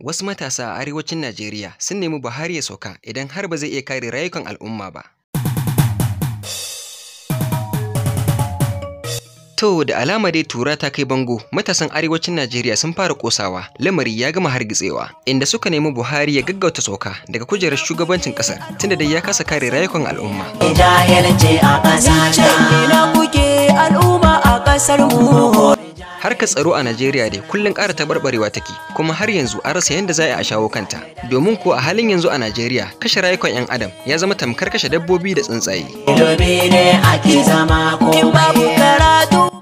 Wasu matasa a arewacin Najeriya sun nemi Buhari ya sauka idan har ba zai iya kare rayukan al'umma ba. To da alama dai tura ta kai bango matasan arewacin Najeriya sun fara kosawa lamari ya gama hargitsewa inda suka nemi Buhari ya gaggauta soka daga kujerar shugabancin kasar tunda dai ya kasa kare rayukan al'umma. Jahilci a ƙasar na al'umma a ƙasar Harkar tsaro a Najeriya dai kullum ƙara taɓarɓarewa take, kuma har yanzu an rasa yadda za a shawo kanta. Domin ko a halin yanzu a Najeriya, kashe rayukan 'yan adam ya zama tamkar kashe dabbobi da tsuntsaye. ake zama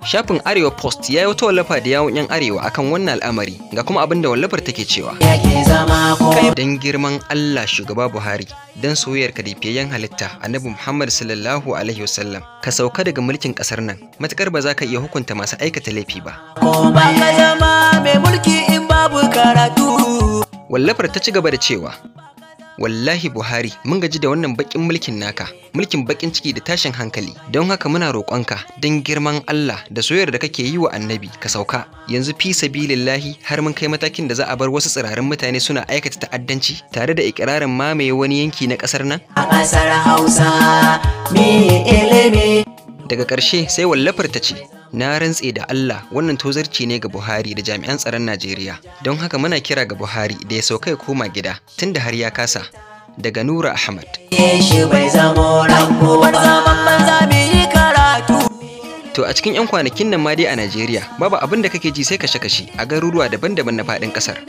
Shafin Arewa Post ya yi wata wallafa da yawon 'yan Arewa akan wannan al'amari ga kuma abin da wallafar take cewa. Don girman Allah shugaba Buhari, don soyayyar ka yan halitta Annabi Muhammad sallallahu alaihi wasallam ka sauka daga mulkin kasar nan matukar ba za ka iya hukunta masu aikata laifi ba. Wallafar ta ci gaba da cewa wallahi buhari mun gaji da wannan bakin mulkin naka mulkin bakin ciki da tashin hankali don haka muna roƙonka don girman allah da soyar da kake yi wa annabi ka sauka yanzu fi sabilillahi har mun kai matakin da za a bar wasu tsirarin mutane suna aikata ta'addanci tare da ikirarin mamaye wani yanki na ƙasar nan a ƙasar hausa daga ƙarshe sai wallafar ta ce na rantse da Allah wannan tozarci ne ga Buhari da jami'an tsaron Najeriya don haka muna kira ga Buhari da ya sauka ya koma gida tun da har ya kasa daga Nura Ahmad To a cikin 'yan kwanakin nan ma dai a Najeriya babu abin da kake ji sai kashe-kashe a garuruwa daban-daban na faɗin ƙasar.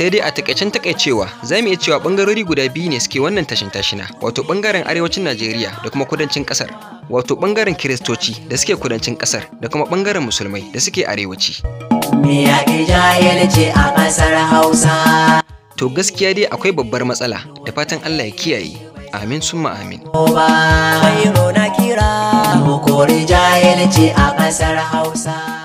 sai dai a takaicen takaicewa za mu iya cewa bangarori guda biyu ne suke wannan tashin tashina wato bangaren arewacin najeriya da kuma kudancin kasar wato bangaren kiristoci da suke kudancin kasar da kuma bangaren musulmai da suke arewaci to gaskiya dai akwai babbar matsala da fatan allah ya kiyaye amin summa amin a ƙasar hausa